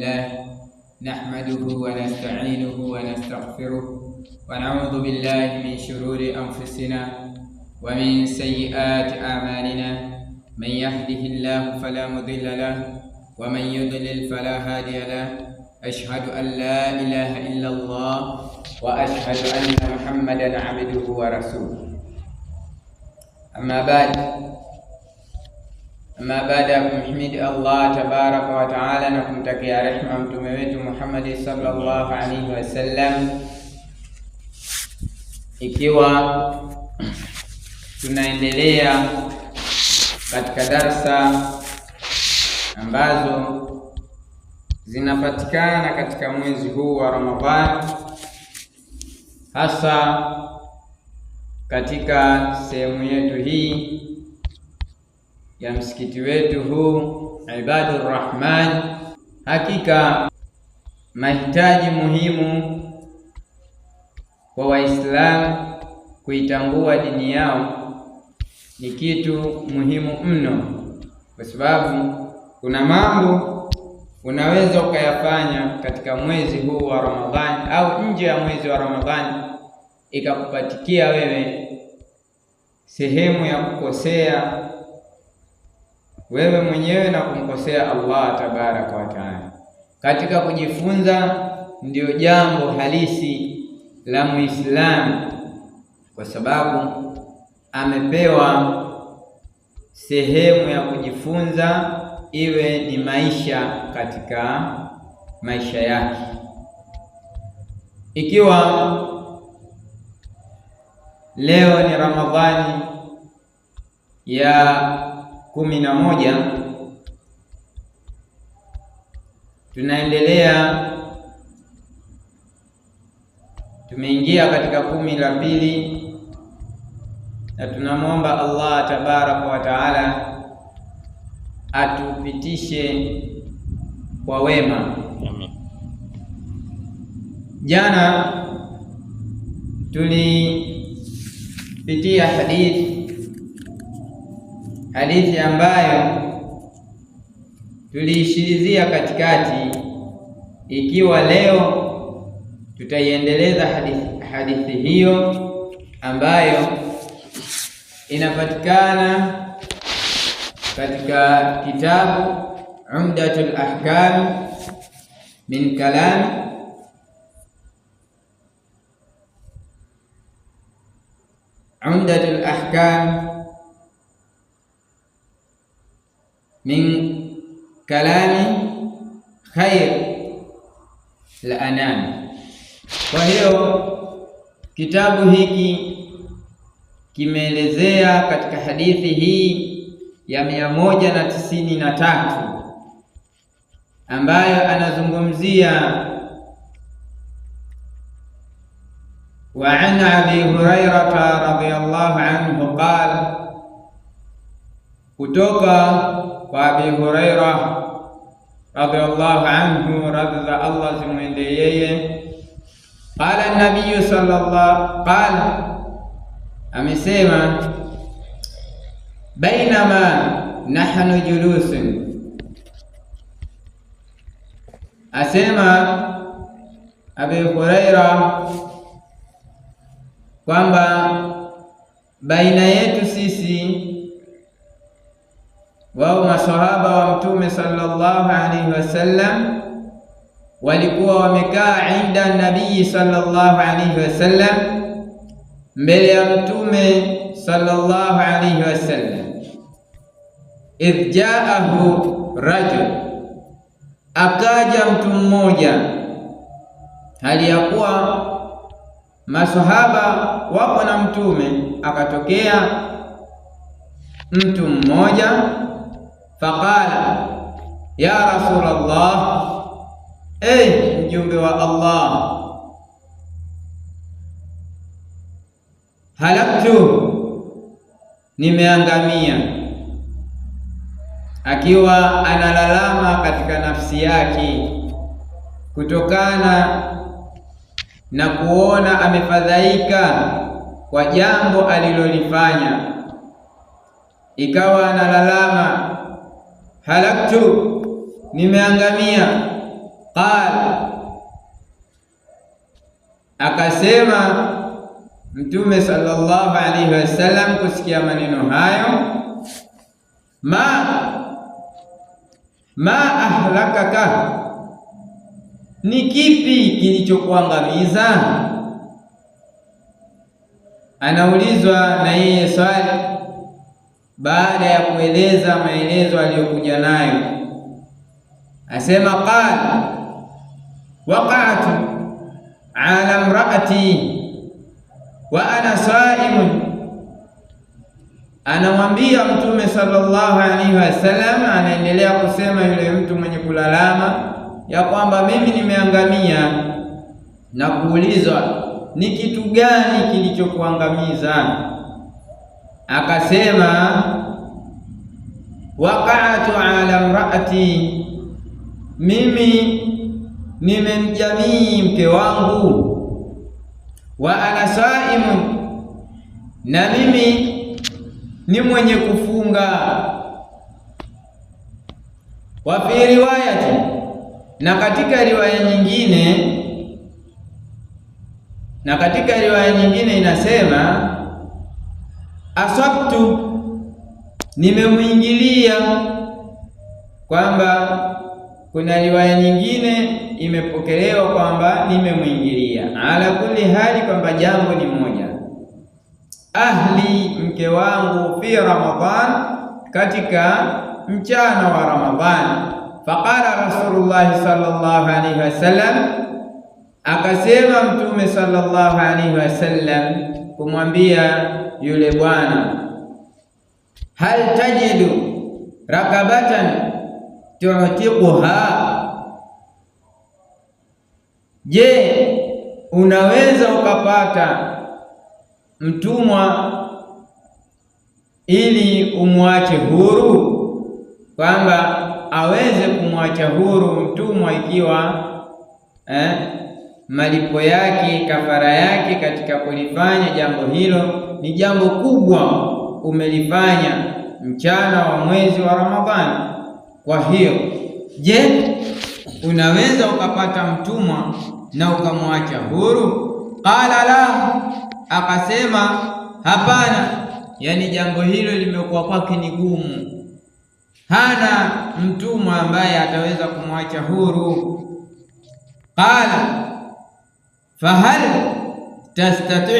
الله نحمده ونستعينه ونستغفره ونعوذ بالله من شرور أنفسنا ومن سيئات أعمالنا من يهده الله فلا مضل له ومن يضلل فلا هادي له أشهد أن لا إله إلا الله وأشهد أن محمدا عبده ورسوله أما بعد Ama baada ya kumhimidi Allah tabaraka wa taala na kumtakia rehma mtume wetu Muhammadi sallallahu alaihi wasallam, ikiwa tunaendelea katika darsa ambazo zinapatikana katika mwezi huu wa Ramadhani, hasa katika sehemu yetu hii ya msikiti wetu huu Ibadur Rahman. Hakika mahitaji muhimu kwa Waislamu kuitambua dini yao ni kitu muhimu mno, kwa sababu kuna mambo unaweza ukayafanya katika mwezi huu wa Ramadhani au nje ya mwezi wa Ramadhani ikakupatikia wewe sehemu ya kukosea wewe mwenyewe na kumkosea Allah tabaraka wa taala. Katika kujifunza ndiyo jambo halisi la Muislamu, kwa sababu amepewa sehemu ya kujifunza iwe ni maisha katika maisha yake. Ikiwa leo ni Ramadhani ya kumi na moja tunaendelea, tumeingia katika kumi la pili na tunamwomba Allah tabaraka wa taala atupitishe kwa wema. Jana tulipitia hadithi hadithi ambayo tuliishirizia katikati, ikiwa leo tutaiendeleza hadithi, hadithi hiyo ambayo inapatikana katika kitabu Umdatul Ahkam min kalam Umdatul Ahkam min kalami khair la anami. Kwa hiyo kitabu hiki kimeelezea katika hadithi hii ya mia moja na tisini na tatu ambayo anazungumzia wa an abi hurairata radhiyallahu anhu qala kutoka وأبي هريرة رضي الله عنه رضي الله عنه قال النبي صلى الله قال أمسيما بينما نحن جلوس اسيما ابي هريره kwamba بين yetu سيسي wao maswahaba wa Mtume sallallahu alaihi wasallam walikuwa wamekaa inda nabii sallallahu alaihi wasallam, mbele ya Mtume sallallahu alaihi wasallam. Idh jaahu rajul, akaja mtu mmoja, hali ya kuwa maswahaba wapo na Mtume, akatokea mtu mmoja faqala ya Rasulullah, e mjumbe wa Allah, halaktu, nimeangamia. Akiwa analalama katika nafsi yake kutokana na kuona amefadhaika kwa jambo alilolifanya, ikawa analalama halaktu, nimeangamia. Qal, akasema Mtume sallallahu alaihi wasallam kusikia maneno hayo, ma ma ahlakaka, ni kipi kilichokuangamiza? Anaulizwa na yeye swali baada ya kueleza maelezo aliyokuja nayo, asema qala waqa'tu ala mraati wa ana saimun. Anamwambia Mtume sallallahu alaihi wasallam, anaendelea kusema yule mtu mwenye kulalama ya kwamba mimi nimeangamia na kuulizwa ni kitu gani kilichokuangamiza akasema waqa'tu ala imraati, mimi nimemjamii mke wangu, wa ana saimu, na mimi ni mwenye kufunga. Wa fi riwayati, na katika riwaya nyingine, na katika riwaya nyingine inasema aswaktu, nimemwingilia. Kwamba kuna riwaya nyingine imepokelewa kwamba nimemwingilia. Ala kulli hali, kwamba jambo ni moja. Ahli, mke wangu, fi Ramadhan, katika mchana wa Ramadhani. Faqala Rasulullah sallallahu alaihi wasallam, akasema Mtume sallallahu alaihi wasallam kumwambia yule bwana. Hal tajidu rakabatan tu'tiquha, je, unaweza ukapata mtumwa ili umwache huru, kwamba aweze kumwacha huru mtumwa ikiwa eh, malipo yake kafara yake katika kulifanya jambo hilo ni jambo kubwa umelifanya mchana wa mwezi wa Ramadhani. Kwa hiyo, je, unaweza ukapata mtumwa na ukamwacha huru? Qala la, akasema hapana, yaani jambo hilo limekuwa kwake ni gumu. Hana mtumwa ambaye ataweza kumwacha huru. Qala fahal tastati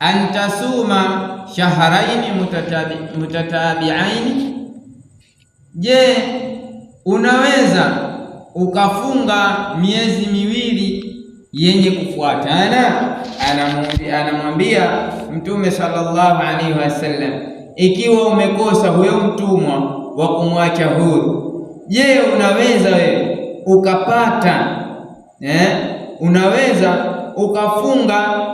antasuma shaharaini mutatabiaini, je, unaweza ukafunga miezi miwili yenye kufuatana? Anamwambia Mtume sallallahu alaihi wasallam, ikiwa umekosa huyo mtumwa wa kumwacha huru, je, unaweza wewe ukapata eh, unaweza ukafunga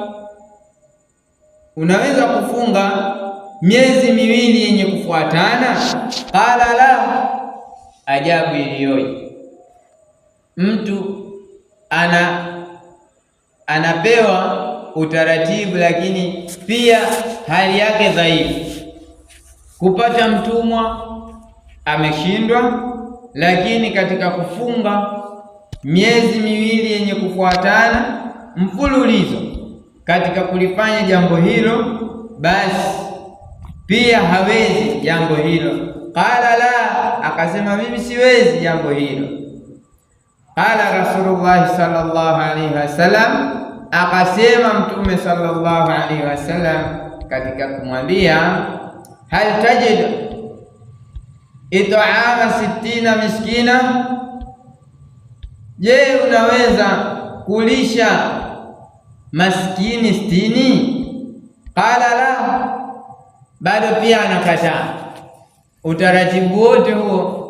unaweza kufunga miezi miwili yenye kufuatana? Kala la, ajabu iliyoje! Mtu ana anapewa utaratibu, lakini pia hali yake dhaifu. Kupata mtumwa ameshindwa, lakini katika kufunga miezi miwili yenye kufuatana mfululizo katika kulifanya jambo hilo, basi pia hawezi jambo hilo. Qala la, akasema mimi siwezi jambo hilo. Qala Rasulullah sallallahu alaihi wasallam, akasema Mtume sallallahu alaihi wasallam katika kumwambia hal tajid itaama sittina miskina, je, unaweza kulisha maskini sitini? Qala la, bado pia anakataa. Utaratibu wote huo,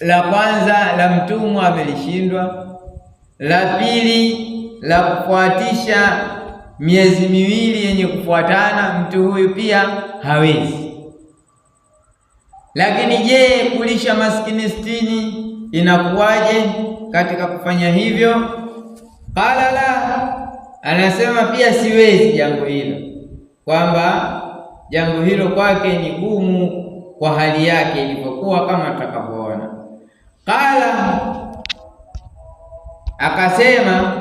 la kwanza la mtumwa amelishindwa, la pili la kufuatisha miezi miwili yenye kufuatana, mtu huyu pia hawezi. Lakini je, kulisha maskini sitini inakuwaje katika kufanya hivyo? Qala la Anasema pia siwezi jambo hilo, kwamba jambo hilo kwake ni gumu kwa hali yake ilivyokuwa, kama atakavyoona. Qala, akasema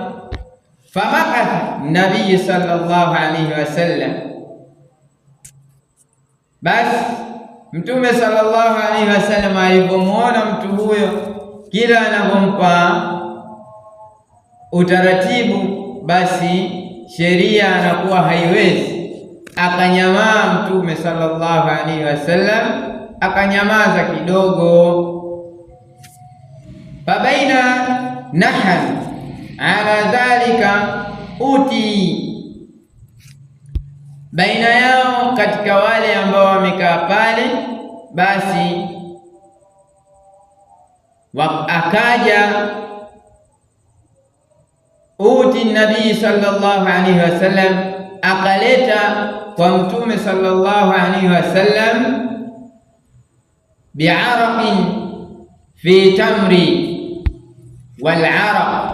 famakatha nabii sallallahu alaihi wasallam, basi Mtume sallallahu alaihi wasallam alipomwona mtu huyo, kila anapompa utaratibu basi sheria anakuwa haiwezi. Akanyamaa Mtume sallallahu alaihi wasallam, akanyamaza kidogo. fabaina nahal ala dhalika uti, baina yao katika wale ambao wamekaa pale, basi akaja uti nabii sallallahu alaihi wasallam, akaleta kwa mtume sallallahu alaihi wasallam biaraqin fi tamri walaraq,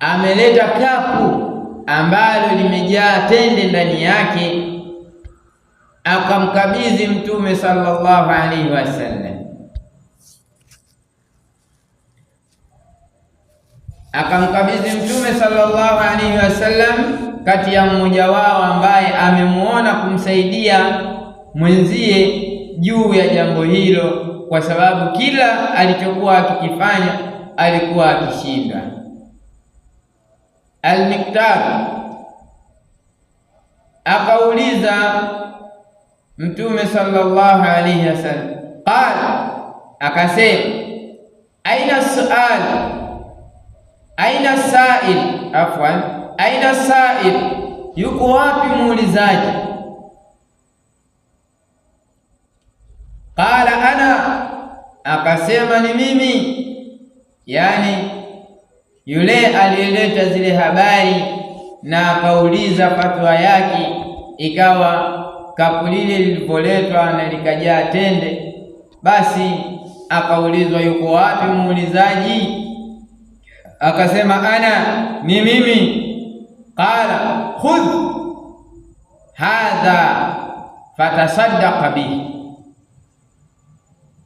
ameleta kapu ambalo limejaa tende ndani yake, akamkabidhi mtume sallallahu alaihi wasallam akamkabidhi Mtume sallallahu alaihi wasallam kati ya mmoja wao ambaye amemwona kumsaidia mwenzie juu ya jambo hilo, kwa sababu kila alichokuwa akikifanya alikuwa akishinda. Almiktar akauliza Mtume sallallahu alaihi wasallam, qala, akasema aina suali Aina sail, afwan, aina sail, yuko wapi muulizaji? Qala ana, akasema ni mimi. Yani yule aliyeleta zile habari na akauliza fatwa yake, ikawa kapu lile lilipoletwa na likajaa tende, basi akaulizwa yuko wapi muulizaji? akasema ana ni mimi. Qala khudh hadha fatasaddaq bihi,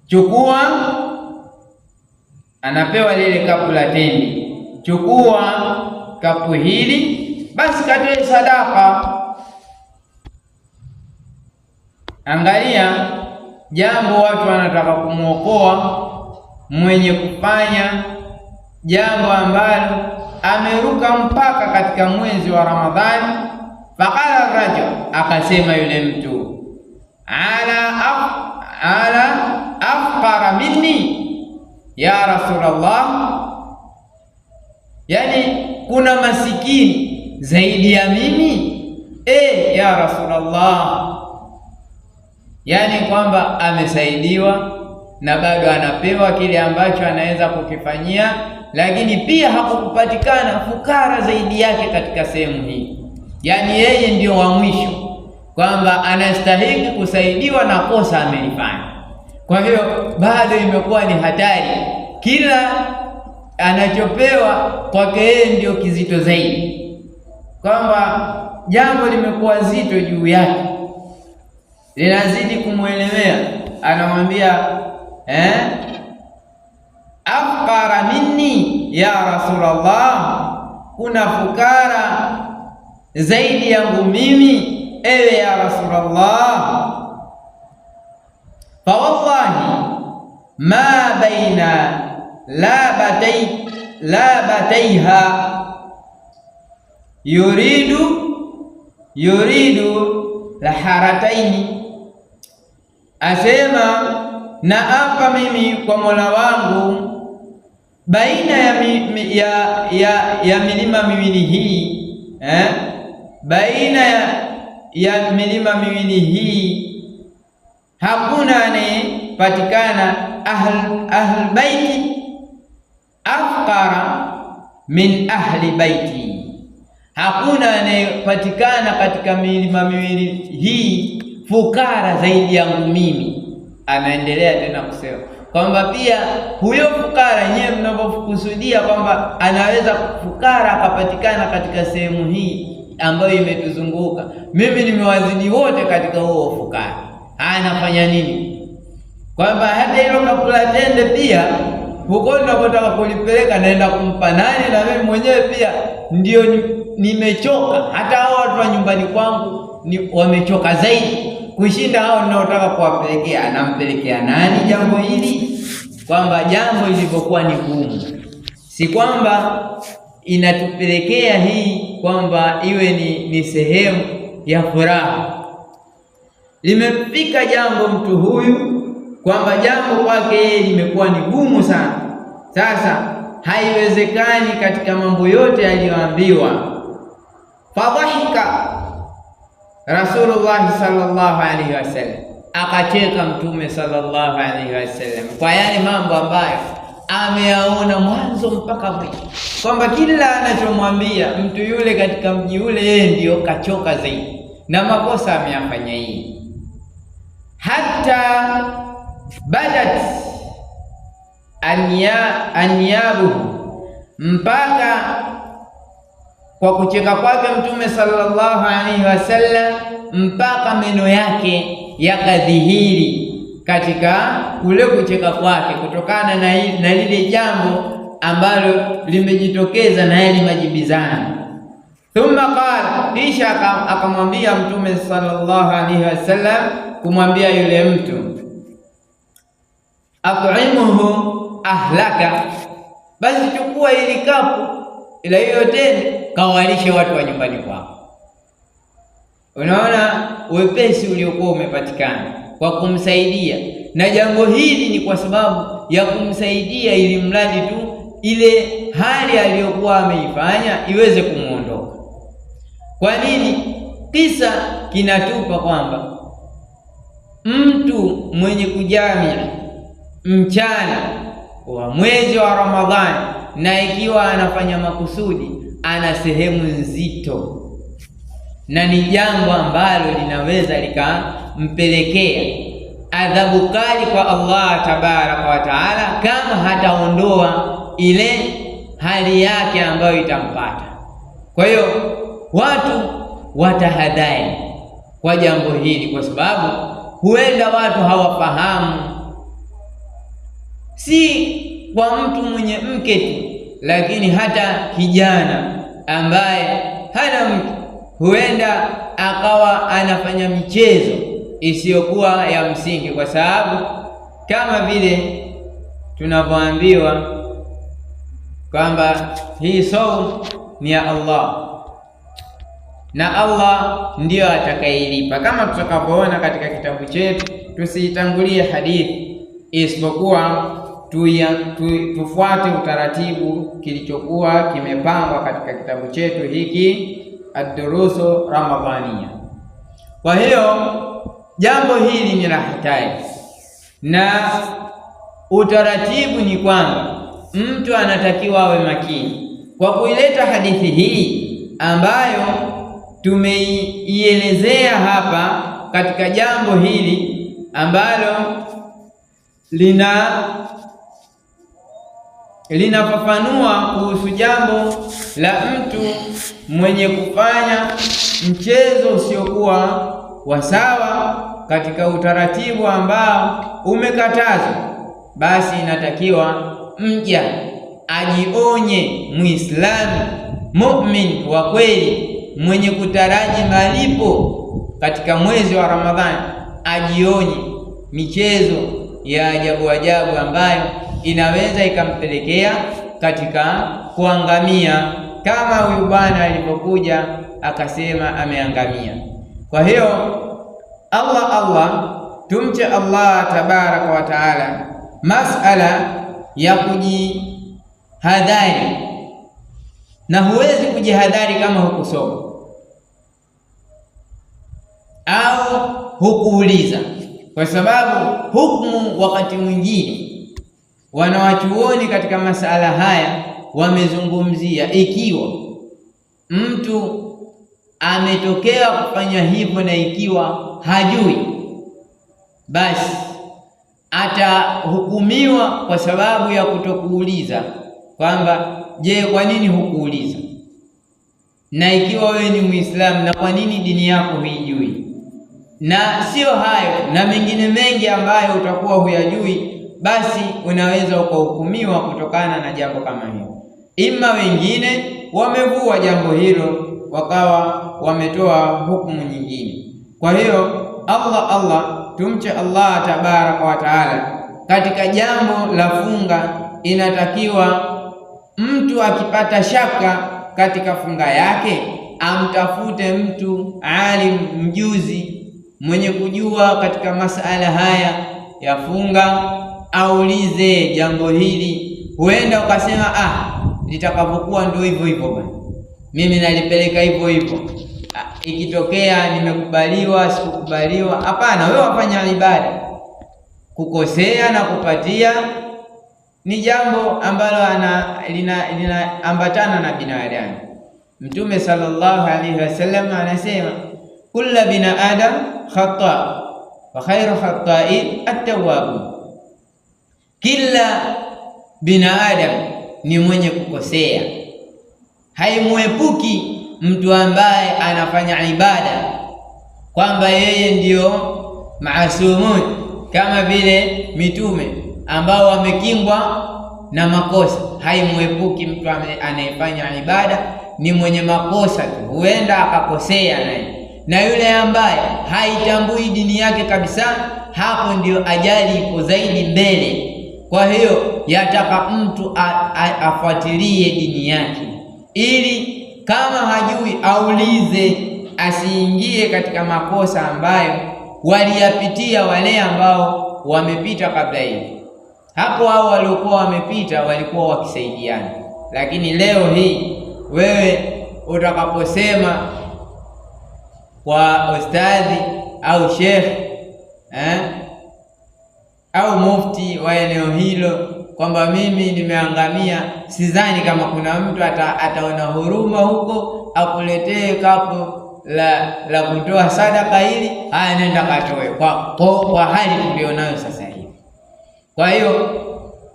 chukua. Anapewa lile kapu la teni, chukua kapu hili basi katoe sadaka. Angalia jambo, watu wanataka kumwokoa mwenye kufanya jambo ambalo ameruka mpaka katika mwezi wa Ramadhani. Faqala rajul, akasema yule mtu ala, ala afqara minni ya Rasulullah, yani kuna masikini zaidi ya mimi e, ya Rasulullah, yani kwamba amesaidiwa na bado anapewa kile ambacho anaweza kukifanyia, lakini pia hakukupatikana fukara zaidi yake katika sehemu hii. Yaani yeye ndio wa mwisho kwamba anastahili kusaidiwa na kosa amelifanya. Kwa hiyo bado imekuwa ni hatari, kila anachopewa kwake yeye ndio kizito zaidi, kwamba jambo limekuwa zito juu yake, linazidi kumwelemea. Anamwambia eh, afqara minni ya Rasulullah, kuna fukara zaidi yangu mimi ewe ya Rasulullah. Fa wallahi ma baina labatay labatayha yuridu yuridu laharataini, asema na hapa mimi kwa Mola wangu baina ya, mi, ya, ya, ya milima miwili hii eh? baina ya, ya milima miwili hii hakuna anayepatikana ahl, ahl baiti afqara min ahli baiti, hakuna anayepatikana katika milima miwili hii fukara zaidi yangu mimi Anaendelea tena kusema kwamba pia huyo fukara nyewe mnapokusudia kwamba anaweza fukara akapatikana katika sehemu hii ambayo imetuzunguka, mimi nimewazidi wote katika huo fukara, anafanya nini? Kwamba hata hilo kapula tende pia huko ninapotaka kulipeleka naenda kumpa nani? Na mimi mwenyewe pia ndio nimechoka, hata hao watu wa nyumbani kwangu ni wamechoka zaidi kushinda hao ninaotaka kuwapelekea. Anampelekea nani jambo hili? Kwamba jambo lilivyokuwa ni gumu, si kwamba inatupelekea hii kwamba iwe ni, ni sehemu ya furaha. Limefika jambo mtu huyu kwamba jambo kwake yeye limekuwa ni gumu sana. Sasa haiwezekani katika mambo yote aliyoambiwa fadha Rasulullah sallallahu alaihi wasallam akacheka Mtume sallallahu alaihi wasallam kwa yale mambo ambayo ameyaona mwanzo mpaka mwisho, kwamba kila anachomwambia mtu yule katika mji ule yeye ndiyo kachoka zaidi na makosa ameyafanya. Hii hata badat anyabuhu mpaka kwa kucheka kwake Mtume sallallahu alaihi wasallam mpaka meno yake yakadhihiri katika kule kucheka kwake, kutokana na, na lile jambo ambalo limejitokeza na yali majibizana Thumma qala, kisha akamwambia Mtume sallallahu alaihi wasallam kumwambia yule mtu at'imuhu ahlaka, basi chukua ili kapu ila hiyo yote kawalishe watu wa nyumbani kwako. Unaona wepesi uliokuwa umepatikana kwa kumsaidia, na jambo hili ni kwa sababu ya kumsaidia, ili mradi tu ile hali aliyokuwa ameifanya iweze kumwondoka. Kwa nini? Kisa kinatupa kwamba mtu mwenye kujamia mchana wa mwezi wa Ramadhani na ikiwa anafanya makusudi, ana sehemu nzito na ni jambo ambalo linaweza likampelekea adhabu kali kwa Allah tabaraka wa taala, kama hataondoa ile hali yake ambayo itampata. Kwa hiyo watu watahadhari kwa jambo hili, kwa sababu huenda watu hawafahamu si kwa mtu mwenye mke tu, lakini hata kijana ambaye hana mke huenda akawa anafanya michezo isiyokuwa ya msingi, kwa sababu kama vile tunavyoambiwa kwamba hii saumu ni ya Allah na Allah ndiyo atakayelipa, kama tutakavyoona katika kitabu chetu. Tusiitangulie hadithi isipokuwa tuya, tu, tufuate utaratibu kilichokuwa kimepangwa katika kitabu chetu hiki Ad-Durusu Ramadhania. Kwa hiyo jambo hili ni la hitaji, na utaratibu ni kwamba mtu anatakiwa awe makini kwa kuileta hadithi hii ambayo tumeielezea hapa katika jambo hili ambalo lina linafafanua kuhusu jambo la mtu mwenye kufanya mchezo usiokuwa wa sawa katika utaratibu ambao umekatazwa, basi inatakiwa mja ajionye. Muislamu mumin wa kweli mwenye kutaraji malipo katika mwezi wa Ramadhani ajionye michezo ya ajabu ajabu ambayo inaweza ikampelekea katika kuangamia, kama huyu bwana alipokuja akasema ameangamia. Kwa hiyo Allah Allah, tumche Allah tabaraka wa taala. Masala ya kujihadhari, na huwezi kujihadhari kama hukusoma au hukuuliza, kwa sababu hukumu wakati mwingine Wanawachuoni katika masala haya wamezungumzia ikiwa mtu ametokea kufanya hivyo na ikiwa hajui, basi atahukumiwa kwa sababu ya kutokuuliza, kwamba je, kwa nini hukuuliza? Na ikiwa wewe ni Muislamu, na kwa nini dini yako huijui? Na siyo hayo na mengine mengi ambayo utakuwa huyajui basi unaweza ukahukumiwa kutokana na jambo kama hilo. Ima wengine wamevua jambo hilo wakawa wametoa hukumu nyingine. Kwa hiyo Allah Allah, tumche Allah tabaraka wa taala. Katika jambo la funga, inatakiwa mtu akipata shaka katika funga yake amtafute mtu alim, mjuzi mwenye kujua katika masala haya ya funga aulize jambo hili, huenda ukasema ah, litakapokuwa ndio hivyo hivyo bwana, mimi nalipeleka hivyo hivyo ah, ikitokea nimekubaliwa sikukubaliwa. Hapana, wewe wafanya ibada. Kukosea na kupatia ni jambo ambalo linaambatana na binadamu. Mtume sallallahu alaihi wasallam anasema kullu binaadam khata wa khairu khata'i at-tawwab kila binadamu ni mwenye kukosea, haimuepuki mtu ambaye anafanya ibada kwamba yeye ndiyo maasumun kama vile mitume ambao wamekingwa na makosa. Haimuepuki mtu anayefanya ibada ni mwenye makosa tu, huenda akakosea naye na yule ambaye haitambui dini yake kabisa, hapo ndio ajali iko zaidi mbele. Kwa hiyo yataka mtu afuatilie dini yake, ili kama hajui aulize, asiingie katika makosa ambayo waliyapitia wale ambao wamepita kabla hivi. Hapo hao waliokuwa wamepita walikuwa wakisaidiana, lakini leo hii wewe utakaposema kwa ustadhi au shekhe eh, au mufti wa eneo hilo kwamba mimi nimeangamia, sidhani kama kuna mtu ata, ataona huruma huko akuletee kapu la la kutoa sadaka hili, haya nenda katoe kwa, kwa, kwa hali tulionayo sasa hivi. Kwa hiyo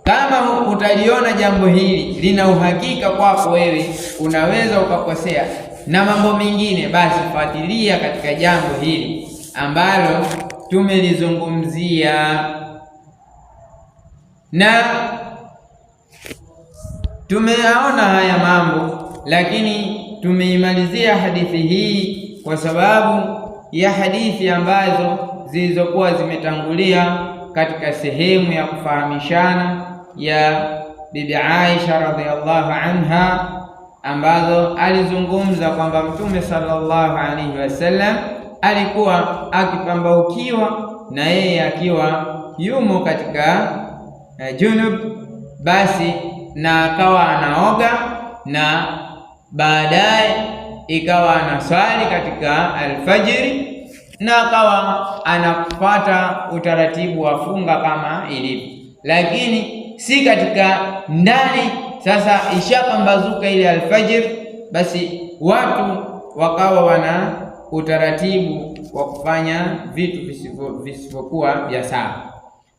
kama utaliona jambo hili lina uhakika kwako wewe, unaweza ukakosea na mambo mengine, basi fuatilia katika jambo hili ambalo tumelizungumzia na tumeyaona haya mambo, lakini tumeimalizia hadithi hii kwa sababu ya hadithi ambazo zilizokuwa zimetangulia katika sehemu ya kufahamishana ya Bibi Aisha radhiallahu anha ambazo alizungumza kwamba Mtume sallallahu alaihi wasallam alikuwa akipambaukiwa na yeye akiwa yumo katika uh, junub, basi na akawa anaoga na baadaye ikawa anaswali katika alfajiri na akawa anafuata utaratibu wa funga kama ilivyo, lakini si katika ndani. Sasa ishapambazuka ile alfajiri, basi watu wakawa wana utaratibu wa kufanya vitu visivyokuwa vya sawa.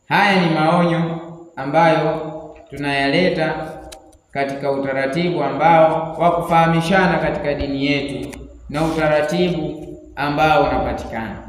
Haya ni maonyo ambayo tunayaleta katika utaratibu ambao wa kufahamishana katika dini yetu na utaratibu ambao unapatikana